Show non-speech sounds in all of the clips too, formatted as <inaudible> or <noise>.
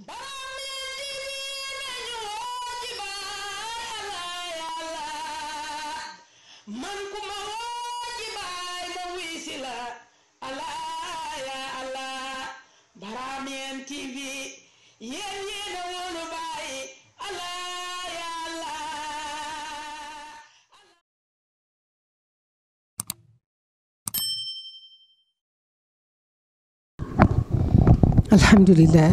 man ku ma woo ci baay ma wuy si la allah ya allah Barameen TV yéen yéen a woonu baay allah ya allah. alhamdulillah.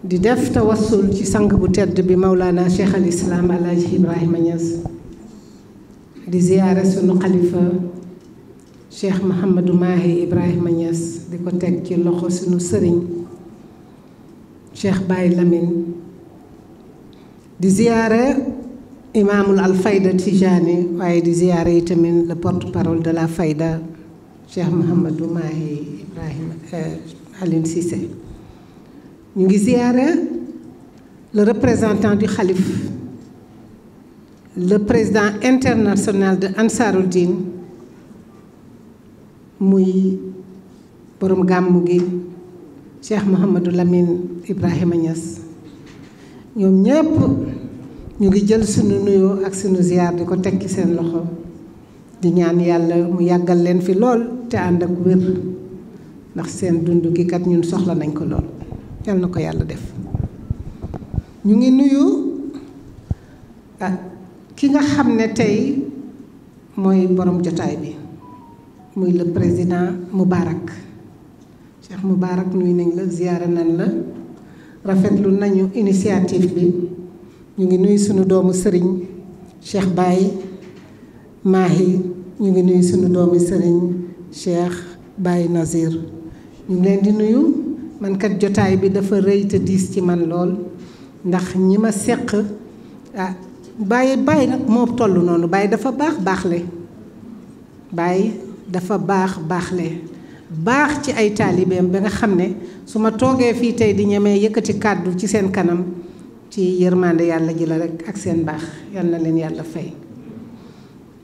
di def tawassul ci sang bu tedd bi Maulana Cheikh al Islam El ibrahim Ibrahima di ziyaare sunu khalifa Cheikh mohammed Mahi ibrahim Niass di ko tek ci loxo sunu serigne Cheikh Baye Lamine di imam al fayda Tijani waaye di ziyaare itamin le porte parole de la fayda Cheikh mohammed Mahi Ibrahima alin sisse Nous avons le représentant du Khalif, le président international de Ansaruddin muy borom gàmmu Cheikh Mohamedou Lamine Ibrahima Niass Nous avons ñu ngi jël de nuyoo ak Nous avons di ko tekki seen loxo di ñaan te ak yal na ko yàlla def ñu ngi nuyu ah, ki nga xam ne tey mooy borom jotaay bi muy le président Moubarak Cheikh Moubarak nuy nañ la ziyaare nañ la rafetlu nañu initiative bi ñu ngi nuyu suñu doomu sëriñ Cheikh Baye Mahi ñu ngi nuyu sunu doomu sëriñ Cheikh Baye Nazir ñu leen di nuyu mankat jotaay bi dafa rëy te diis ci man lool ndax ñi ma seq ah Baye nag moo toll noonu Baye dafa baax baaxle Baye dafa baax baaxle baax ci ay taalibeem ba nga xam ne su ma toogee fii tey di ñemee yëkkati kàddu ci seen kanam ci yërmande yàlla ji la rek ak seen baax yal na leen yàlla fay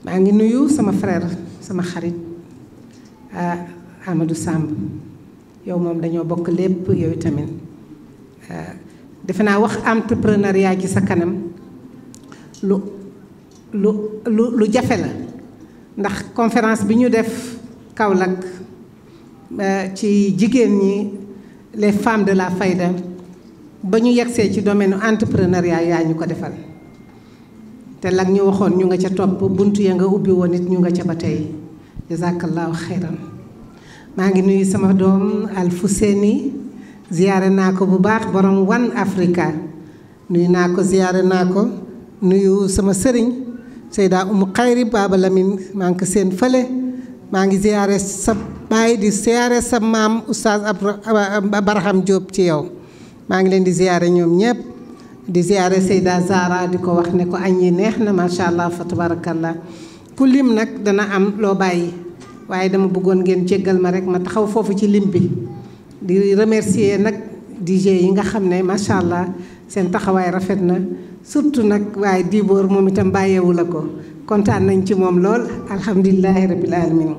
maa ngi nuyu sama frère sama xarit ah Amadou Samb yow moom dañoo bokk lépp yow tamit euh, defe naa wax entrepreneuriat ci sa kanam lu lu lu lu jafe la ndax conférence bi ñu def Kaolack euh, ci jigéen ñi les femmes de la fayda ba ñu yegsee ci domaine entrepreneuriat yaa ñu ko defal te lag ñu waxoon ñu nga ca topp bunt yaa nga ubbi woon it ñu nga ca ba tey jazakallahu xeyran maa ngi nuyu sama doom Alfousseni ziyaare naa ko bu baax borom wan Africa nuyu naa ko ziyaare naa ko nuyu sama sëriñ Seyda Umu Xayri Baaba Lamin maa ngi ko seen fële maa ngi ziyaare sa baay di ziyaare sa maam Oustaz Barham Diop ci yow maa ngi leen di ziyaare ñoom ñëpp di ziyaare Seyda Zara di ko wax ne ko añ yi neex na macha allah fa tabarakallah ku lim nag dana am loo bàyyi waye dama bëggoon ngeen jéggal ma rek ma taxaw fofu ci lim bi di remercier nak DJ yi nga xam ma sha allah seen taxaway rafet na surtout nak waye Dibor mom itam bàyyeewu la ko contane nañ ci mom lool alhamdullilah rabbil alamin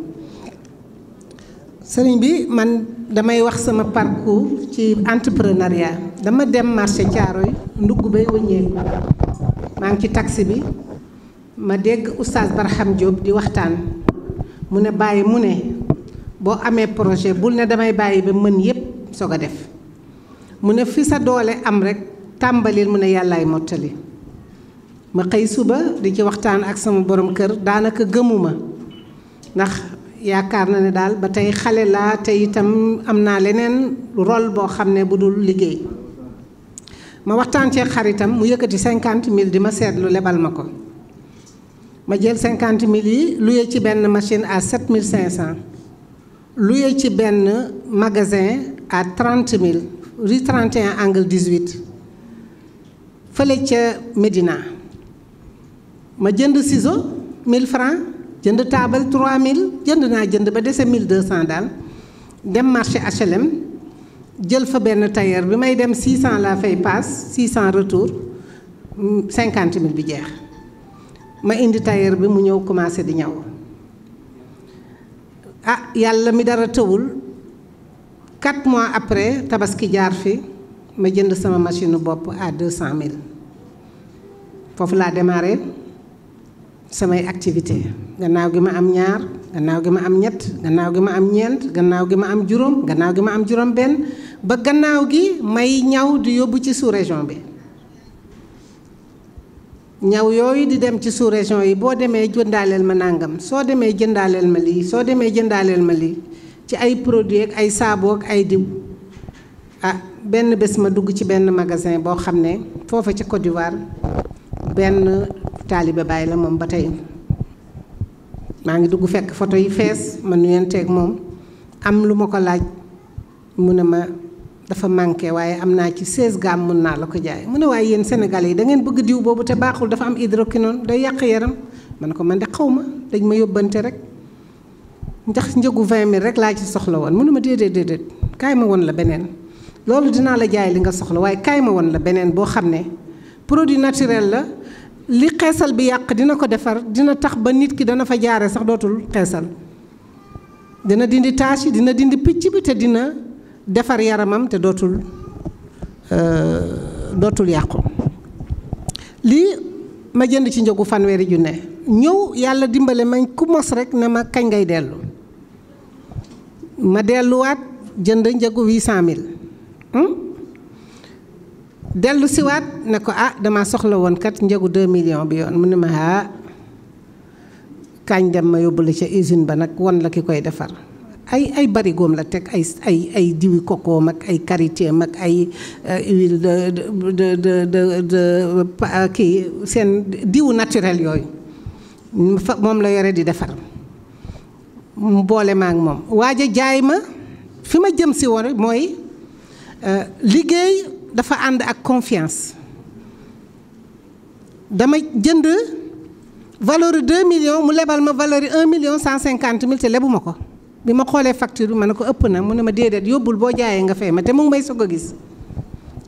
serigne bi man damay wax sama parcours ci entrepreneuriat dama dem marché tiaroy ndugg bay wagne ma ngi ci taxi bi ma deg oustaz Barham Diop di waxtan mu ne bàyyi mu ne boo amee projet bul ne damay bàyyi ba mën yépp soog a def mu ne fi sa doole am rek tàmbalil mu ne yàllaay mottali ma xëy suba di ci waxtaan ak sama borom kër daanaka gëmuma ndax yaakaar na ne daal ba tey xale laa te itam am naa leneen rôle boo xam ne bu dul liggéey ma waxtaan cee xaritam mu yëkkati cinquante mille di ma seetlu lebal ma ko ma jël 50 000 yi loué ci benn machine à 7 500 de ci benn magasin à 30 000 rue 31 angle 18 fële ca Medina ma jënd ciseaux 1000 francs de table 3 000 jënd naa jënd de dese 1 200 daal dem marché HLM jël fa benn tailleur bi may dem 600 la fay passe 600 retour 50 000 billets. ma indi tailleur bi mu ñëw commencé di ñaw ah yàlla mi dara tëwul quatre mois après tabaski jaar fi ma jënd sama machine bopp à deux cent mille foofu laa démarré samay activité gannaaw gi ma am ñaar gannaaw gi ma am ñett gannaaw gi ma am ñeent gannaaw gi ma am juróom gannaaw gi ma am juróom ben ba gannaaw gi may ñaw di yóbbu ci sous région bi ñaw yooyu di dem ci sous région yi boo demee jëndaaleel ma nàngam soo demee jëndaaleel ma lii soo demee jëndaaleel ma lii ci ay produit ak ay saaboo ak ay diw ah benn bés ma dugg ci benn magasin boo xam ne foofa ci Côte d'Ivoire benn taalibe bàyyi la moom ba tey maa ngi dugg fekk photo yi fees ma nuyanteeg moom am lu ma ko laaj mu ne ma dafa manqué waaye am naa ci 16 grammes mun naa la ko jaay mu ne waaye yéen Sénégalais yi dangeen ngeen bëgg diw boobu te baaxul dafa am hydroquinone day yàq yaram ma ne ko man de xaw ma dañ ma yóbbante rek ndax njëgu 20 mi rek laa ci soxla woon mu ma déedéet déedéet kaay ma woon la beneen loolu dinaa la jaay li nga soxla waaye kaay ma woon la beneen boo xam ne produit naturel la li xeesal bi yàq dina ko defar dina tax ba nit ki dana fa jaare sax dootul xeesal dina dindi tache yi dina dindi picc bi te dina defar yaramam te dootul euh, dotul yàqu Li ma jënd ci njëgu fanweeri junne ñëw yàlla dimbale mañ ku mos rek ne ma kañ ngay dellu ma delluwaat jënd njëgu huit cent mille hmm? dellu siwaat ne ko ah dama soxla kat njëgu deux millions bi yoon mu ne ma ah kañ dem ma yóbbu la usine ba won la ki koy defar ay ay bari gom la tek ay ay ay diwi kokoom mak ay kariteem mak ay euh, huile de de de de de kii seen diwu naturel yoy mom la yoré di défar mu boole ma ak moom. waaja jaay ma jëm si woon mooy euh, liggéey dafa and ak confiance dama jënd valeur 2 millions mu lebal ma valeur 1 million 150 mille te lebu bi ma xoolee facture bi ma ne ko ëpp na mu ne ma déedéet yóbbul boo jaayee nga fay ma te mu ngi may soog a gis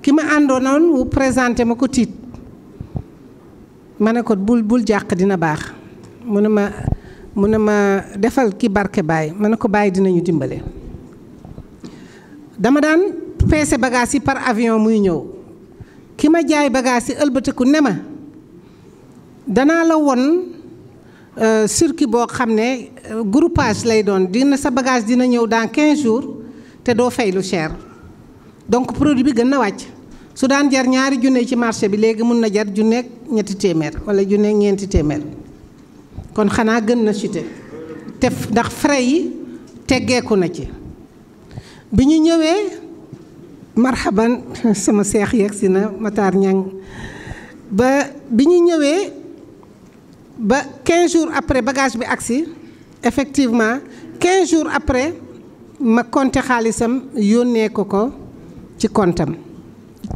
ki ma àndoon wu présenté ma ko tiit ma ne ko bul bul jàq dina baax mu ne ma mu ne ma defal ki barke baay ma ne ko bàyyi dinañu dimbale dama daan peese bagages yi par avion muy ñëw ki ma jaay bagages yi ëlbatiku ne ma danaa la won Euh, circuit boo xam ne euh, groupage lay doon dina sa bagage dina ñëw dans 15 jours te doo fay lu cher donc produit bi gën a wàcc su daan jar ñaari junne ci marché bi léegi mun na jar junneeg ñetti téeméer wala junneeg ñeenti téeméer kon xanaa gën na chuté te ndax frais yi teggeeku na ci bi ñu ñëwee marhaban <laughs> sama seex yegsi na Matar Ñang ba bi ñu ñëwee ba 15 jours après bagage bi agsi effectivement 15 jours après ma compté xaalisam yónnee ko ko ci comptam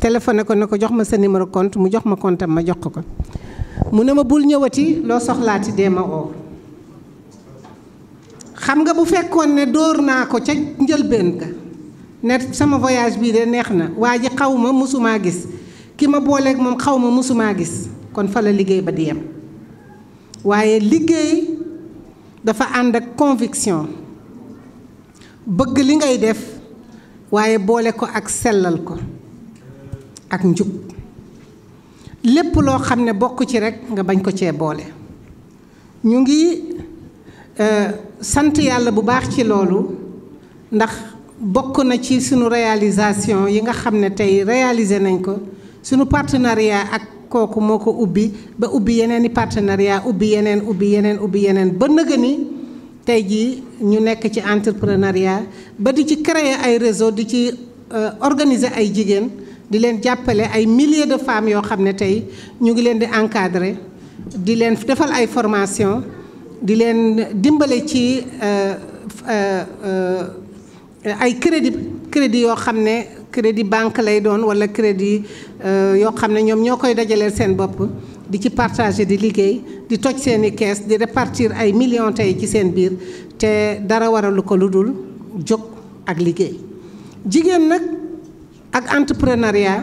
téléphoné ko ne ko jox ma sa numéro compte mu jox ma comptam ma jox ko ko mu ne ma bul ñëwati loo soxlaati dee ma oo xam nga bu fekkoon ne dóor naa ko ca njëlbéen ga ne sama voyage bii de neex na waa ji xaw ma mosumaa gis ki ma booleek moom xaw ma mosumaa gis kon fa la liggéey ba di yem waaye liggéey dafa ànd ak conviction bëgg li ngay def waaye boole ko ak sellal ko ak njub lépp loo xam ne bokk ci rekk nga bañ ko cee boole ñu ngi euh, sant yàlla bu baax ci loolu ndax bokk na ci sunu réalisation yi nga xam ne tey réalisé nañ ko sunu partenariat kooku moo ko ubbi ba ubbi yeneen i partenariat ubbi yeneen ubbi yeneen ubbi yeneen ba nëgë tey jii ñu nekk ci entrepreneuriat ba di ci créer ay réseau di ci euh, organiser ay jigéen di leen jàppale ay milliers de femmes yoo xam ne tey ñu ngi leen di encadrer di leen defal ay formation di leen dimbale ci euh, euh, ay crédit crédit yoo xam ne crédit banque lay doon wala crédit euh, yoo xam ne ñoom ñoo koy dajaleel seen bopp di ci partager di liggéey di toj seen i kees di répartir ay millions tey ci seen biir te dara waralu ko lu dul jóg ak liggéey jigéen nag ak entrepreneuriat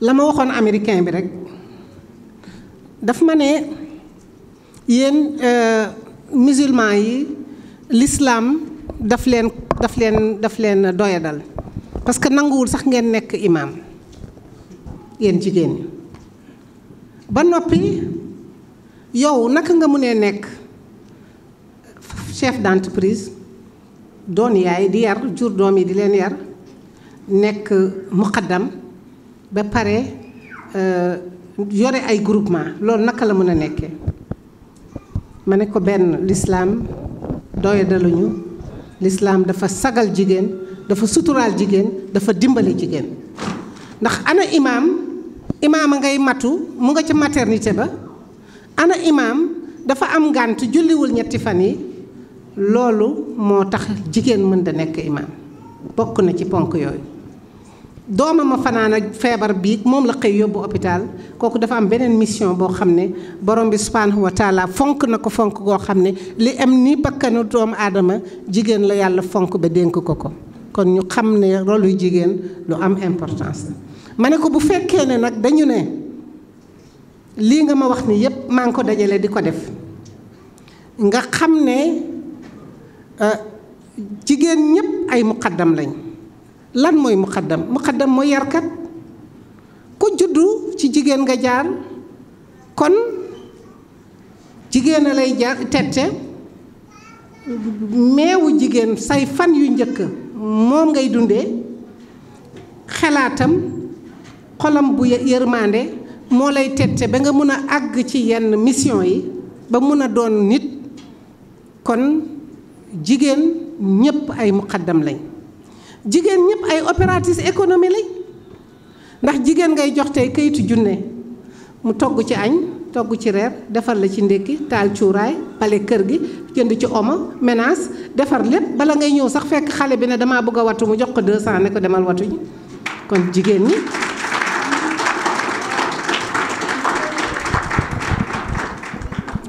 la ma waxoon américain bi rek daf ma ne yéen euh, musulman yi lislaam daf leen daf leen daf leen doyadal parce que nanguwul sax ngeen nek imam yeen jigen. ba nopi yow nak nga mune nek chef d'entreprise don yaay di yar jur domi di len yar nek muqaddam ba euh yoré ay groupement lool nak la mën a mané ma ne ko benn l'islam doyadaluñu l'islam dafa sagal jigen dafa suturaal jigéen dafa dimbali jigéen ndax ana imaam imaam a ngay matu mu nga ca maternité ba ana imaam dafa am ngànt julliwul ñetti fan yi loolu moo tax jigéen mën da nekk imaam bokk na ci ponk yooyu doomam a fanaan ak feebar bii moom la xëy yóbbu hôpital kooku dafa am beneen mission boo xam ne borom bi subhanahu wa taala fonk na ko fonk goo xam ne li am ni bakkanu doomu aadama jigéen la yàlla fonk ba dénk ko ko kon ñu xam ne rôle yu jigéen lu am importance ma ne ko bu fekkee ne nag dañu ne lii nga ma wax ni yépp maa ngi ko dajale di ko def nga xam ne euh, jigéen ñépp ay muqaddam lañ lan mooy muqaddam muqaddam mooy yarkat ku juddu ci jigéen nga jaar kon jigéen lay jaar tette meewu jigéen say fan yu njëkk moom ngay dunde xalaatam xolam bu yërmande moo lay tette ba nga mun a àgg ci yenn mission yi ba mun a doon nit kon jigéen ñépp ay muqaddam lañ jigéen ñépp ay opératrice économie lañ ndax jigéen ngay jox tey kayitu junne mu togg ci añ togg ci reer defar la ci ndékki taal cuuraay pale keur gi jënd ci omo menace defar lepp bala ngay ñew sax fekk xalé bi ne dama bëgg watu mu jox ko 200 ne ko demal watu ñi kon jigen ni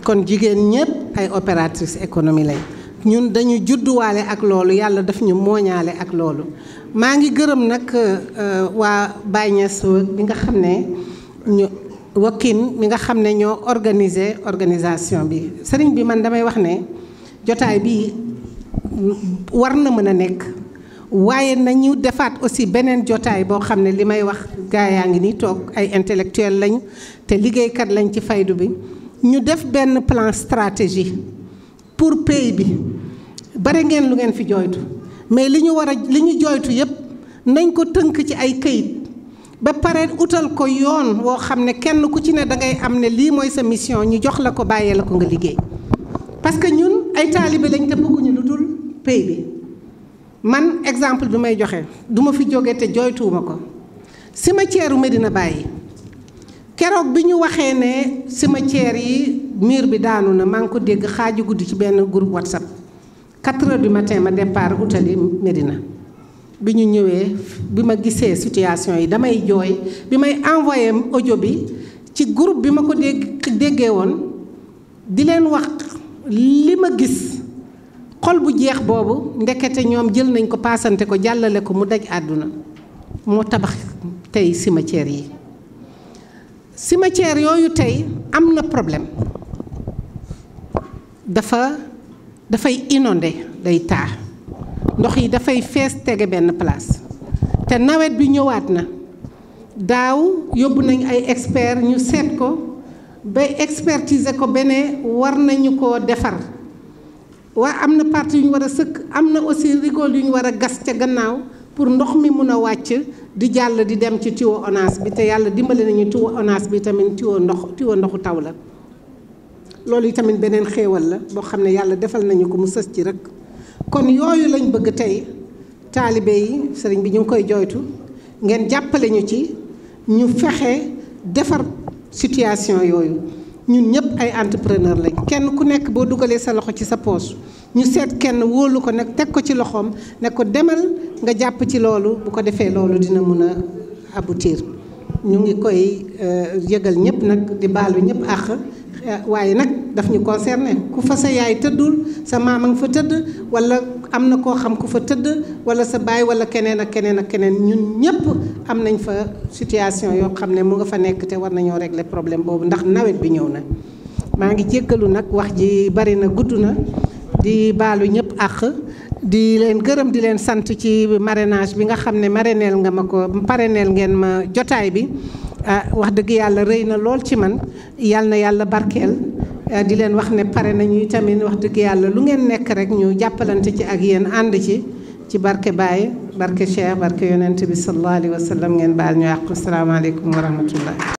kon jigen ñepp ay opératrice économie lay ñun dañu judduwaale ak loolu yalla daf ñu moñalé ak loolu maa ngi gërëm nag euh, euh, wa bayñes bi nga xam wakiin mi nga xam ne ñoo organiser organisation bi sëriñ bi man damay wax ne jotaay bi war na mën a nekk waaye nañu defaat aussi beneen jotaay boo xam ne li may wax gaa yaa ngi ni toog ay intellectuel lañ te liggéeykat lañ ci faydu bi ñu def benn plan stratégie pour pays bi bare ngeen lu ngeen fi jooytu mais li ñu war a li ñu jooytu yépp nañ ko tënk ci ay këyit ba pare utal ko yoon woo xam ne kenn ku ci ne dangay am ne lii mooy sa mission ñu jox la ko bàyyee la ko nga liggéey parce que ñun ay taalibe lañ te bëgguñu lu dul pay bi man exemple bi may joxe du ma fi jóge te jooytuwuma ko sima u Medina bàyyi keroog bi ñu waxee ne sima cimetière yi mur bi daanu na maa ngi ko dégg xaaju guddi ci benn groupe WhatsApp 4 heures du matin ma départ utali Medina. bi ñu ñëwee bi ma gisee situation yi damay jooy bi may envoyé audio bi ci groupe bi ma ko dégg déggee woon di leen wax li ma gis xol bu jeex boobu ndekete ñoom jël nañ ko paasante ko jàllale ko mu daj àdduna moo tabax tey cimetière yi cimetière yooyu tey am na problème dafa dafay inondé day taa ndox yi dafay fees tege benn place te nawet bi ñëwaat na daaw yóbbu nañ ay expert ñu seet ko ba expertiser ko bene war nañu ko defar waa am na partie yu ñu war a sëkk am na aussi rigole yu ñu war a gas ca gannaaw pour ndox mi mun a wàcc di jàll di dem ci tuyau ONAS bi te yàlla dimbali nañu tuyau ONAS bi tamit tuyau ndox tuyau ndoxu taw la loolu yi tamit beneen xéewal la boo xam ne yàlla defal nañu ko mu sës ci rek kon yooyu lañ bëgg tey taalibe yi sëriñ bi ñu ngi koy jooytu ngeen jàppale ñu ci ñu fexe defar situation yooyu ñun ñëpp ay entrepreneur lañ kenn ku nekk boo dugalee sa loxo ci sa poos ñu seet kenn wóolu ko nag teg ko ci loxoom ne ko demal nga jàpp ci loolu bu ko defee loolu dina mun a aboutir ñu ngi koy euh, yëgal ñëpp nag di baalu ñëpp àq Eh, waaye nag daf ñu concerné ku fa sa yaay tëddul sa maam a fa tëdd walla am na koo xam ku fa tëdd wala sa baay wala keneen ak keneen ak keneen ñun ñëpp am nañ fa situation yoo xam ne mu nga fa nekk te war nañoo régler problème boobu ndax nawet bi ñëw na. maa ngi jékkalu nag wax ji bari na gudd na di baalu ñëpp àq di leen gërëm di leen sant ci parrainage bi nga xam ne parrainel nga ma ko parrainel ngeen ma jotaay bi. Ah, wax dëgg yàlla rëy na lool ci man yal na yàlla barkeel ah, di leen wax ne pare nañu tamit wax dëgg yàlla lu ngeen nekk rek ñu jàppalante ci ak yenn ànd ci ci barke Baye barke Cheikh barke yonent bi sallallahu alayhi wa sallam ngeen baal ñu àq asalaamaaleykum wa rahmatullah